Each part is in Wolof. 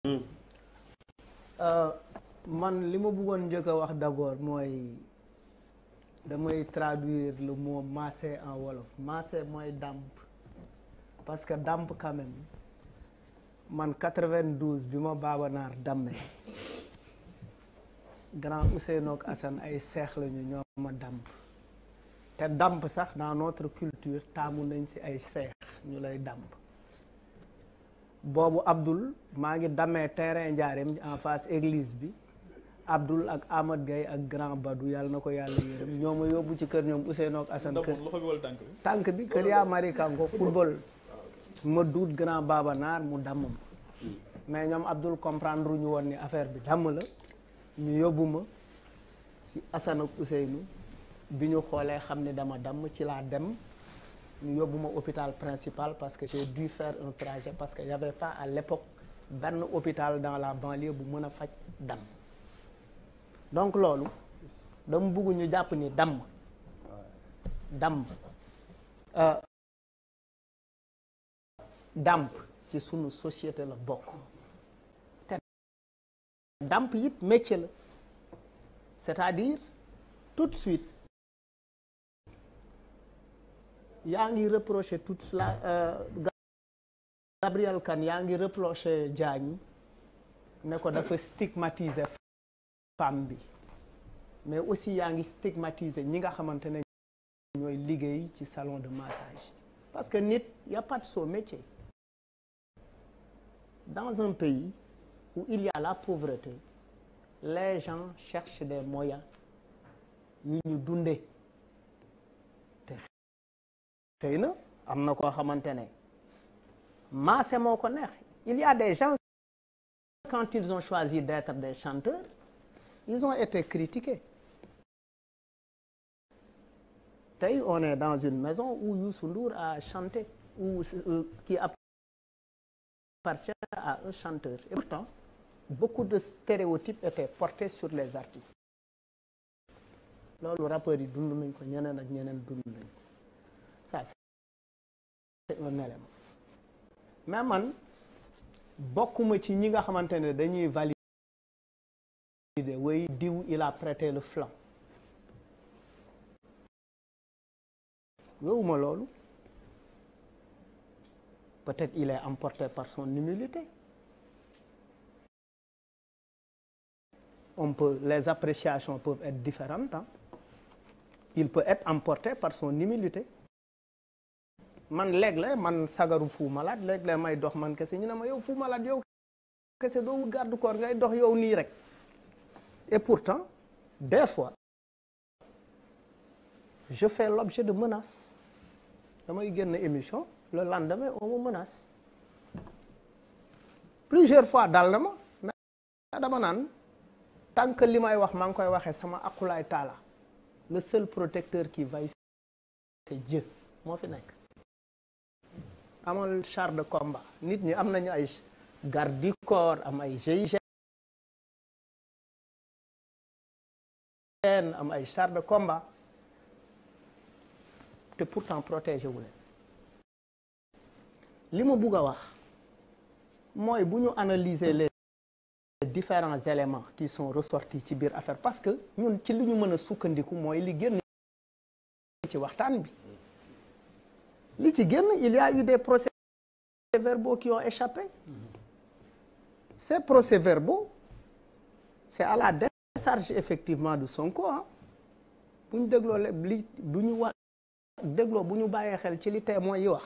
Hmm. Euh, man li ma bëggoon njëkk a wax d'abord mooy damay traduire le mot maase en wolof maase mooy dàmp parce que dàmp quand même man 92 bi ma baabanaar damme grand Ousseynou ak Assane ay seex lañu ñoo ma dàmp te dàmp sax dans culture taamu nañ ci ay seex ñu lay dàmp boobu Abdoul maa ngi damee terrain njaareem en face église bi Abdoul ak Amad Gaye ak Grand Badou yàlla na ko yàlla yërëm ñoo ma yóbbu ci kër ñoom Ousseynou ak Assane kër tànk bi kër yaa mari kanko football ma duut Grand Baba Naar mu damm ma mais ñoom Abdoul comprendre ñu woon ni affaire bi damm la ñu yóbbu ma ci Assane ak Ousseynou bi ñu xoolee xam ne dama damm ci laa dem ñu yóbbu ma hôpital principal parce que j'ai dû faire un trajet parce que y pas à l'époque benn hôpital dans la banlieue bu mën a faj dam donc loolu dama bugg ñu jàpp ni damm damm euh, damp ci sunu société la bokk te la c'est-à-dire yaa ngi reproché tout cela euh, Gabriel Kane yaa ngi reproché Diagne ne ko dafa stigmatiser femme bi mais aussi yaa ngi stigmatiser ñi nga xamante ne ñooy liggéey ci salon de massage parce que nit y a pas de dans un pays où il y la pauvreté les gens cherchent des moyens yu ñu dunde xëy na am na koo xamante ne maase moo ko neex il y a des gens quand ils ont choisi d'être des chanteurs ils ont été critiqués tey on est dans une maison où Youssou Ndour a chanté ou euh, qui appartient à un chanteur et pourtant beaucoup de stéréotypes étaient portés sur les artistes loolu rappeurs yi dund nañ ko ñeneen ak ñeneen dund ça c'est un élément mais man bokkuma ci ñi nga xamante ne dañuy valider way diw il a prêté le flanc wowuma loolu peut-être il est emporté par son humilité on peut les appréciations peuvent être différentes il peut être emporté par son humilité man léeg-léeg man sagaru Fou Malade léeg-léeg may dox man kese ñu ne ma yow Fou Malade yow kese doo garde corps ngay dox yow nii rek et pourtant des fois je fais l'objet de menaces damay génn émission le lendemain on me menace plusieurs fois dal na ma mais dama naan tant li may wax maa ngi koy waxee sama akulaay taala la seul protecteur qui vaille c'est Dieu moo fi nekk amal char de combat ñi am nañu ay garde du am ay GIGN am ay char de combat te pourtant protégé wu leen li bugg a wax mooy bu ñu analyser les différents éléments qui sont ressortis ci biir affaire parce que ñun ci li ñu mën a sukkandiku mooy li génn ci waxtaan bi li ci génn il y a eu des procès-verbaux qui ont échappé ces procès-verbaux c'est à la décharge effectivement de Sonko ah bu ñu dégloo li bu ñu wax dégloo bu ñu xel ci li témoins yi wax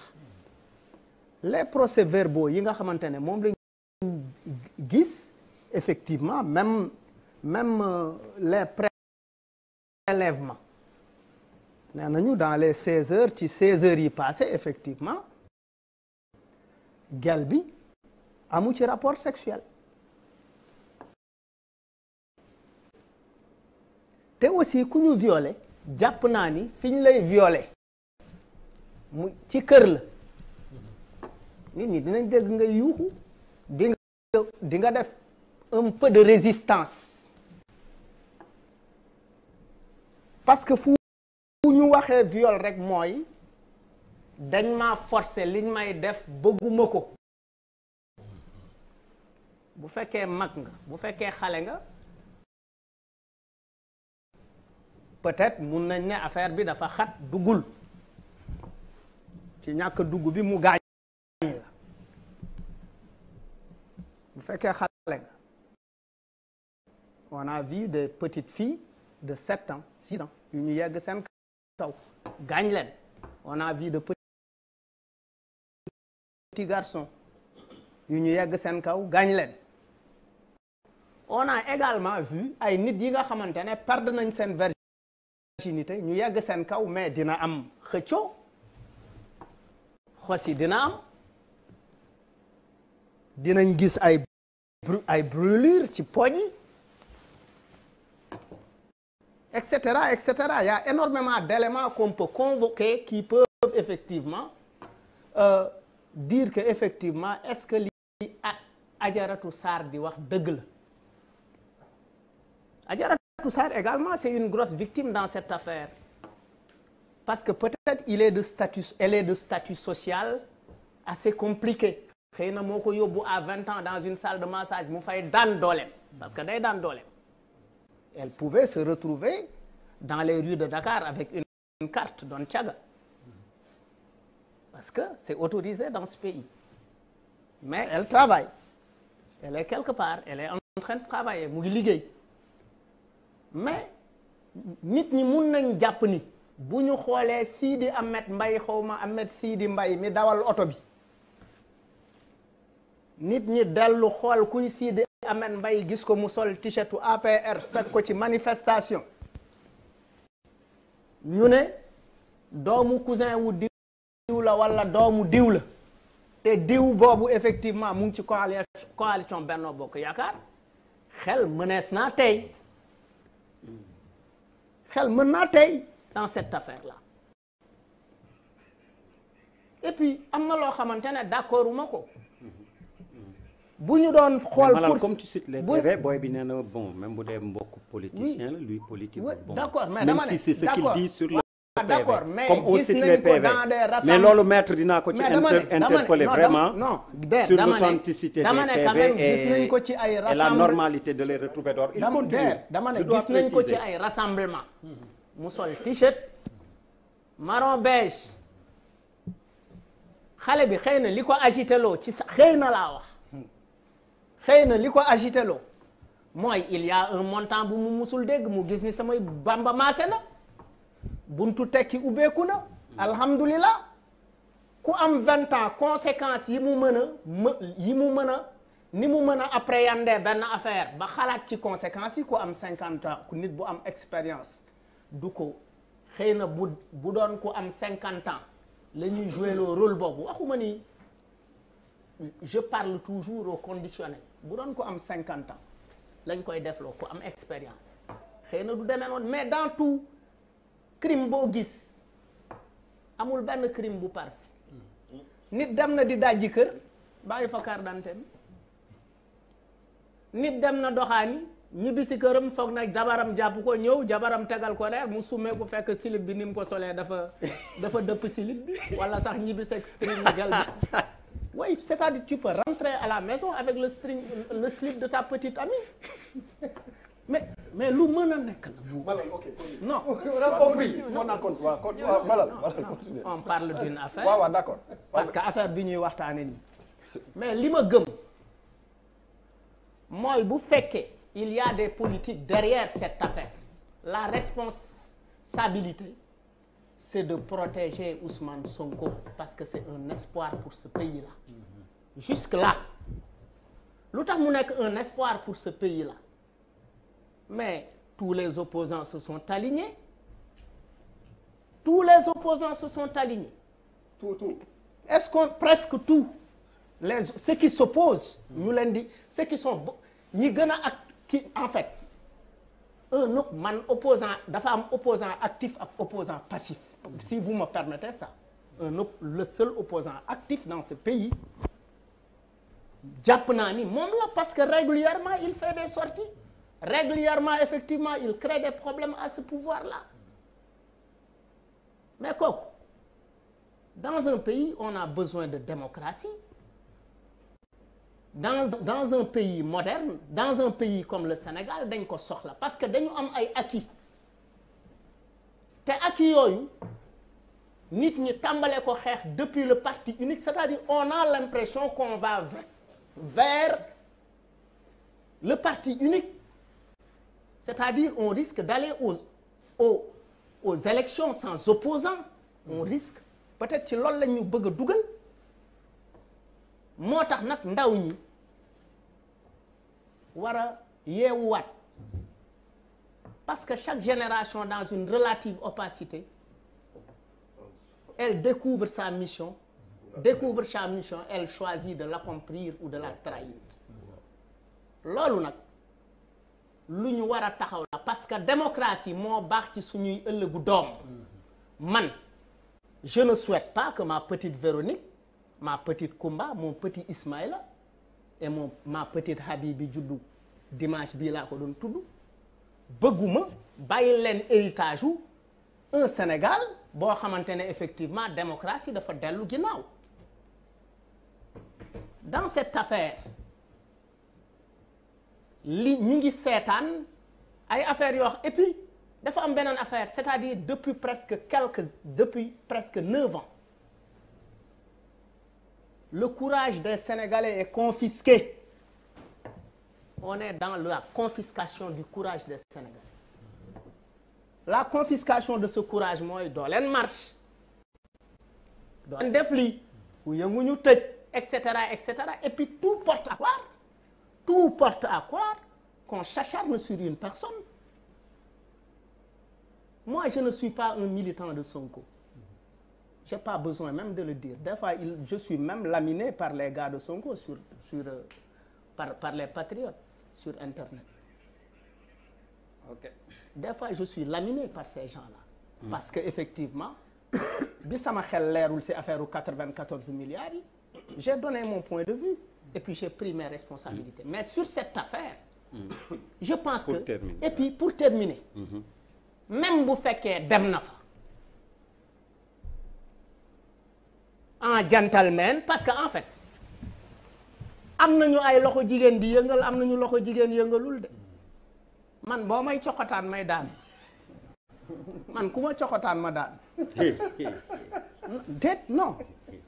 les procès-verbaux yi nga xamante ne moom lañ gis effectivement même même euh, les prélèvements nee nañu dans les seize heures ci seize heures yi passé effectivement gel bi amu ci rapport sexuel te aussi ku ñu violé jàpp naa ni fiñ lay violé ci kër la nit ñi dinañ dégg nga yuuxu di def un peu de résistance parce que fu bu ñu waxee viol rek mooy dañ ma forcer liñ may def bëgguma ko bu fekkee mag nga bu fekkee xale nga peut-être mun nañ ne affaire bi dafa xat duggul ci ñàkk dugg bi mu gaañ la bu fekkee xale nga on a vu des petites de sept ans six ans yu ñu yegg seen kaw gaañ leen on a de petits yu ñu yegg seen kaw gaañ leen on a vu ay nit yi nga xamante ne perdre nañ seen virginité ñu yegg seen kaw mais dina am xëcco xosi dina am dinañ gis ay ay brûlure ci poñ etc., etc. Il y a énormément d'éléments qu'on peut convoquer qui peuvent effectivement euh, dire que effectivement est-ce que li Adjaratou Sarr di wax dëgg la Adjaratou Sarr également c'est une grosse victime dans cette affaire parce que peut-être il est de statut elle est de statut social assez compliqué xëy na moo ko yóbbu à vingt ans dans une salle de massage mu fay daan dooleem parce que day daan dooleem elle pouvait se retrouver dans les rues de Dakar avec une, carte Don Tchaga. Parce que c'est autoriser dans ce pays. Mais elle travaille. Elle est quelque part, elle est en train de travailler liggéey mais nit ñi mun nañ jàpp ni bu ñu xoolee Sidi Ahmed Mbaye xawma Ahmed Sidi mbay mi dawal oto bi nit ñi dellu xool kuy Sidi Amen Mbaye gis ko mu sol t-shirtu APR fekk ko ci manifestation ñu ne doomu cousin wu diw la walla doomu diw la te diw boobu effectivement mu ngi ci coalition coalition Bokk Yaakaar xel mënees naa tey xel mën naa tey dans cette affaire là et am na loo xamante ne d'accorduma ko bu ñu doon xool pour comme tu cites les PV booy bi nee na bon même bu dee mbokk politicien la lui politique bon d'accord mais ah, loolu maître dina ko ci interpeller vraiment sur l'authenticité des PV ko ci ay et la normalité de les retrouver dehors il continue dama ne gis nañ ko ci ay rassemblement mu sol t-shirt marron beige xale bi xëy na li ko agité loo ci sax xëy na laa wax xëy na li ko agité loo mooy il y un montant bu mu musul dégg mu gis ni samay bamba maase na buntu tekki ubbeeku na alhamdulilah ku am vingt ans conséquences yi mu mën a më yi mu mën a ni mu mën a appréhender benn affaire ba xalaat ci conséquences yi ku am cinquante ans ku nit bu am expérience du ko xëy na bu bu doon ku am cinquante ans la ñuy jouer le rôle boobu waxuma ni je parle toujours au conditionnel bu doon ko am cinquante ans lañ koy defloo ku am expérience xëy na du demee noonu mais dans tout crime boo gis amul benn crime bu parfait nit dem na di dajji kër bàyyi fa carte d'identité bi nit dem na doxaani ñibbi si këram foog na jabaram jàpp ko ñëw jabaram tegal ko reer mu summee ku fekk silib bi ni mu ko solee dafa dafa dëpp silib bi wala sax ñibbi sa string Oui, c'est-à-dire tu peux rentrer à la maison avec le string, le slip de ta petite amie. mais lu mën a nekk la. ok a compris on a compris waaw kon waaw Malal Malal continue. on parle d'une affaire parce que affaire bi ñuy waxtaanee nii. mais li ma gëm mooy bu fekkee il y des politiques derrière cette affaire la responsabilité. c'est de protéger Ousmane Sonko parce que c'est un espoir pour ce pays-là. Jusque-là lu tax mu nekk un espoir pour ce pays-là mais tous les opposants se sont alignés tous les opposants se sont alignés. tout tout est-ce qu'on presque tous les ceux qui s'opposent ñu leen di ceux qui sont ñi gën a ak ki en fait un man opposant dafa am opposant actif ak opposant passif. si vous me permettez ça un le seul opposant actif dans ce pays jàpp naa ni moom la parce que régulièrement il fait des sorties régulièrement effectivement il crée des problèmes à ce pouvoir là mais kooku dans un pays on a besoin de démocratie dans dans un pays moderne dans un pays comme le Sénégal dañ ko soxla parce que dañu am ay acquis te acquis yooyu nit ñi tàmbale ko xeex depuis le parti unique c'est-à-dire on a l'impression on va vers le parti unique c'est-à-dire on risque d'aller au aux au élections sans opposant on risque peut-être ci loolu la ñu bëgg a dugal moo tax nag ndaw ñi wara a yeewuwaat parce que chaque génération dans une relative opacité elle découvre sa mission découvre sa mission elle choisit de comprir ou de la trahir loolu nag lu ñu war a taxaw la parce que démocratie moo baax ci suñuy ëllëgu doom man je ne souhaite pas que ma petite Véronique ma petite Koumba mon petit Ismaïla et mon ma petite Habibi juddu dimanche bii laa ko doon tudd bëgguma bàyyi leen héritage wu un Sénégal boo xamante ne effectivement démocratie dafa dellu ginnaaw dans cette affaire li ñu ngi seetaan ay affaires yoo xam dafa am beneen affaire c'est-à-dire depuis presque quelques depuis presque neuf ans le courage des Sénégalais est confisqué on est dans la confiscation du courage des Sénégalais la confiscation de ce courage mooy doo leen marche doo leen def lii ku yëngu ñu tëj et cetera et cetera et puis tout porte à croire tout porte à croire qu'on s'acharne sur une personne moi je ne suis pas un militant de Sonko j'ai pas besoin même de le dire des fois il, je suis même laminé par les gars de Sonko sur euh, par par les patriotes sur internet ok des fois je suis laminé par ces gens-là. Mmh. parce que effectivement bi sama xel leerul ci affaire u 94 milliards yi. j'ai donné mon point de vue. et puis j'ai pris mes hmm. mais sur cette affaire. Hmm. je pense pour que terminer. et puis pour terminer. même bu fekkee dem na fa. en gentleman parce que en fait am nañu ay loxo jigéen di yëngal am nañu loxo jigéen yëngalul de. man boo may coxataan may daan man ku ma coxataan ma daan déet non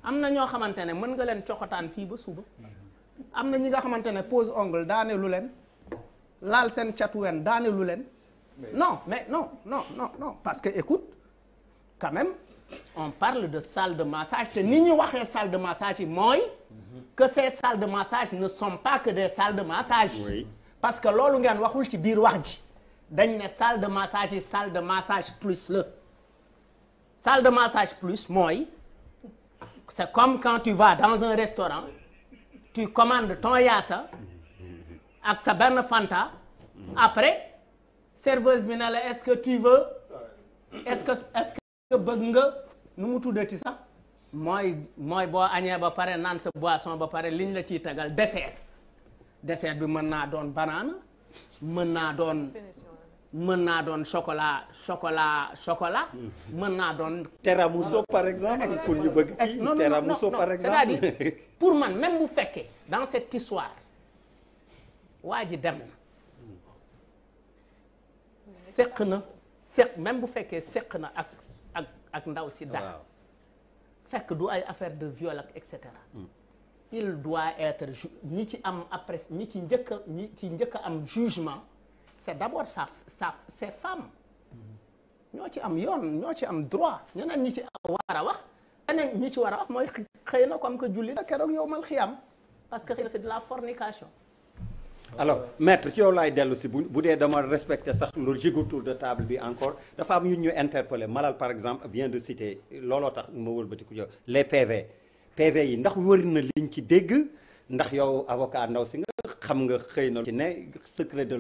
am na ñoo xamante ne mën nga leen coxataan fii ba suba am na ñi nga xamante ne pose ongle daane lu leen laal seen catuwen daane lu leen non mais non non non non parce que écoute quand même on parle de salle de massage te ni ñu waxee salle de massage yi mooy que ces salles de massage ne sont pas que des salles de massage parce que loolu ngeen waxul ci biir wax ji dañ ne salle de massage yi salle de massage plus la salle de massage plus mooy c'est comme quand tu vas dans un restaurant tu commandes ton yaasa ak sa benn fanta après serveuse bi ne la est-ce que tu veux est-ce que est-ce que bëgg nga nu mu tuddati sax mooy mooy boo añee ba pare naan sa boisson ba pare liñ la ciy tagal dessert dessert bi mën naa doon banana mën naa doon mën naa doon chocolat chocolat chocolat mën naa doon tiramisu par exemple pour ñu bëgg pour man même bu fekkee dans cette histoire waa ji dem na seq na seq même bu fekkee seq na ak ak ndaw si daal fekk du ay affaire de viol ak et cetera hmm. il doit être ñi ci am après ñi ci njëkk a ñi ci njëkk am jugement c' est d' sa sa ses femmes ñoo ci am yoon ñoo ci am droit ñeneen ñi ci war a wax ñeneen ñi ci war a wax mooy xëy na comme que julli la keroog yow mal am parce que xëy na de la fornication. alors maître ci yow laay dellu si bu dee dama respecté sax logique autour de table bi encore dafa am ñun ñu interpellé Malal par exemple vient de citer looloo tax ma wëlbatiku jox les PV. PV yi ndax wër na liñ ci dégg ndax yow avocat ndaw si nga xam nga xëy na ci ne secret de